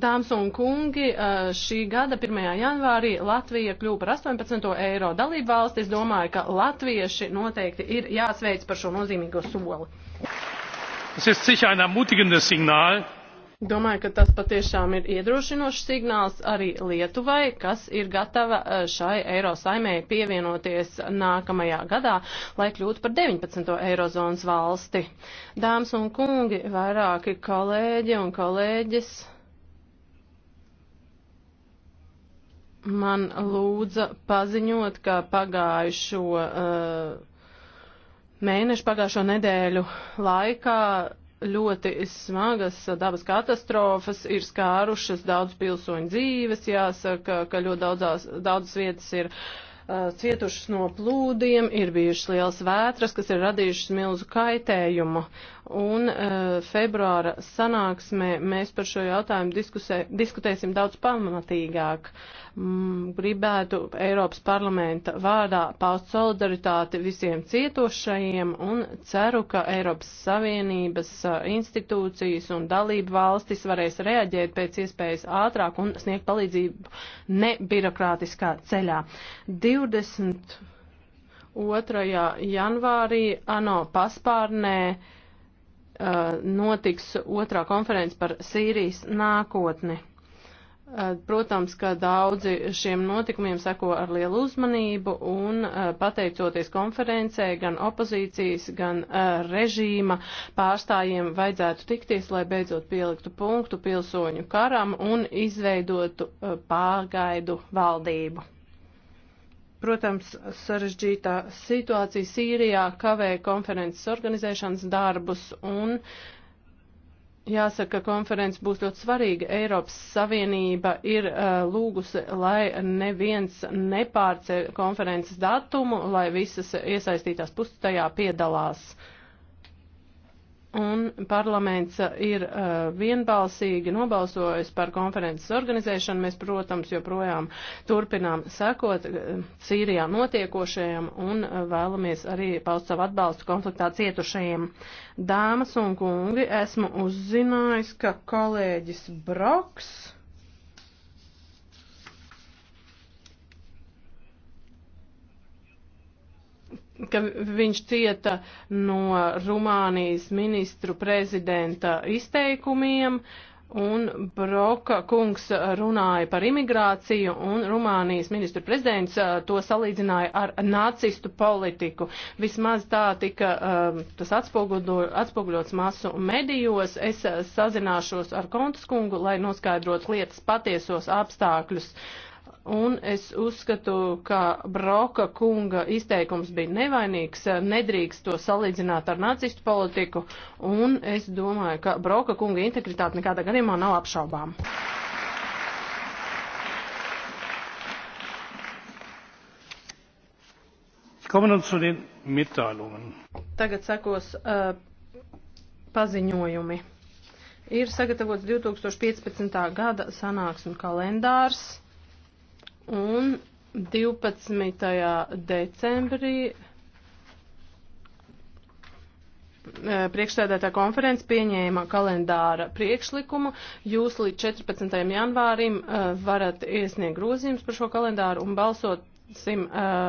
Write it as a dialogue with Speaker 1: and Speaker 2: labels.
Speaker 1: Dāmas un kungi, šī gada 1. janvārī Latvija kļūpa par 18. eiro dalību valsti. Es domāju, ka latvieši noteikti ir jāsveic par šo nozīmīgo soli. Domāju, ka tas patiešām ir iedrošinošs signāls arī Lietuvai, kas ir gatava šai eiro saimē pievienoties nākamajā gadā, lai kļūtu par 19. eirozonas valsti. Dāmas un kungi, vairāki kolēģi un kolēģis. man lūdza paziņot, ka pagājušo uh, mēnešu, pagājušo nedēļu laikā ļoti smagas dabas katastrofas ir skārušas daudz pilsoņu dzīves. Jāsaka, ka ļoti daudzās, daudzas vietas ir uh, cietušas no plūdiem, ir bijušas lielas vētras, kas ir radījušas milzu kaitējumu. Un februāra sanāksmē mēs par šo jautājumu diskusē, diskutēsim daudz pamatīgāk. Gribētu Eiropas parlamenta vārdā paust solidaritāti visiem cietušajiem un ceru, ka Eiropas Savienības institūcijas un dalību valstis varēs reaģēt pēc iespējas ātrāk un sniegt palīdzību nebirokrātiskā ceļā. 22. janvārī ANO paspārnē uh, notiks otrā konference par Sīrijas nākotni. Eh, protams, ka daudzi šiem notikumiem seko ar lielu uzmanību un eh, pateicoties konferencē gan opozīcijas, gan eh, režīma pārstājiem vajadzētu tikties, lai beidzot pieliktu punktu pilsoņu karam un izveidotu pārgaidu valdību. Protams, sarežģītā situācija Sīrijā kavē konferences organizēšanas darbus un uh, Jāsaka, konference būs ļoti svarīga. Eiropas Savienība ir uh, lūgusi, lai neviens nepārceļ konferences datumu, lai visas iesaistītās puses tajā piedalās. Uh, un parlaments uh, ir uh, vienbalsīgi nobalsojis par konferences organizēšanu. Mēs, protams, joprojām turpinām sekot uh, Sīrijā notiekošajam un uh, vēlamies arī paust savu atbalstu konfliktā cietušajiem. Dāmas un kungi, esmu uzzinājis, ka kolēģis Broks ka viņš cieta no Rumānijas ministru prezidenta izteikumiem, un Broka kungs runāja par imigrāciju, un Rumānijas ministru prezidents uh, to salīdzināja ar nacistu politiku. Vismaz tā tika um, tas atspoguļots masu medijos. Es uh, sazināšos ar Kontas kungu, lai noskaidrotu lietas patiesos apstākļus. Un es uzskatu, ka Broka kunga izteikums bija nevainīgs, nedrīkst to salīdzināt ar nacistu politiku, un es domāju, ka Broka kunga integritāte nekādā gadījumā nav apšaubām. Tagad sekos uh, paziņojumi. Ir sagatavots 2015. gada sanāksmu kalendārs. Un 12. decembrī eh, priekšstādātā konferences pieņēma kalendāra priekšlikumu. Jūs līdz 14. janvārim eh, varat iesniegt grozījums par šo kalendāru un balsot. Sim, uh, eh,